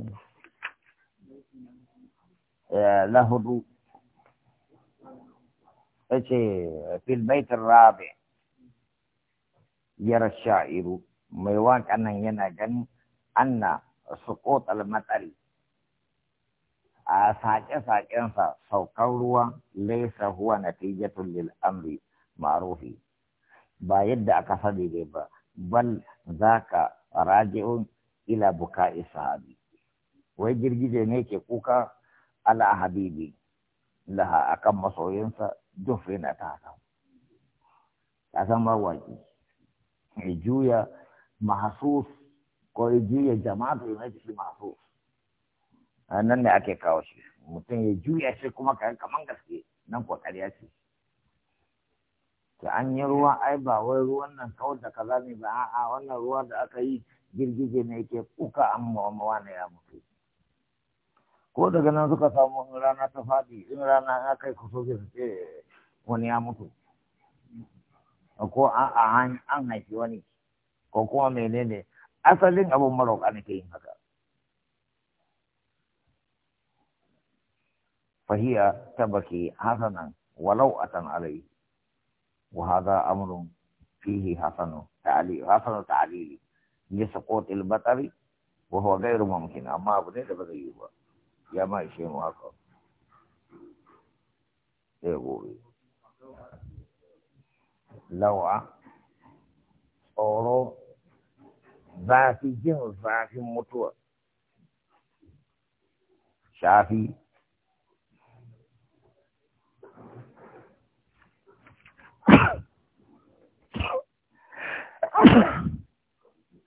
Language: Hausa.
Eh, na hudu ya ce filbaitin rabi yar sha'iru mai waƙa nan yana ganin anna suƙot al-matsari a saƙe-saƙensa saukar ruwa laisa huwa natijatun lil amri ma'rufi ba yadda aka sani ne ba bal zaka raji'un ila buka'i sahabi wai girgije ne ke kuka ala habibi laha akan masoyinsa jufrina ta san ta san mawaki ya juya mahasus ko ya juya jama'a ya shi mahasus nan ne ake kawo shi mutum ya juya shi kuma kaman gaske nan ko ƙarya ce ta an yi ruwa ai ba wai ruwan nan kawai da kaza ne ba a'a wannan ruwa da aka yi girgije ne ke kuka Amma mawa ne ya mutu ko daga nan suka samu in rana ta faɗi in rana ya kai ku soke su ce wani ya mutu ko an haifi wani ko kuma menene asalin abin marauka ne ke yin haka fahiya ta baki hasanan walau atan alai wa haza amurin fihi hasanu ta'ali hasanu ta'lili li batari wa huwa gairu amma abu ne da ba zai yi ba ya ma ishe mu haka sai gobe lawa oro, zafi jin zafin mutuwa shafi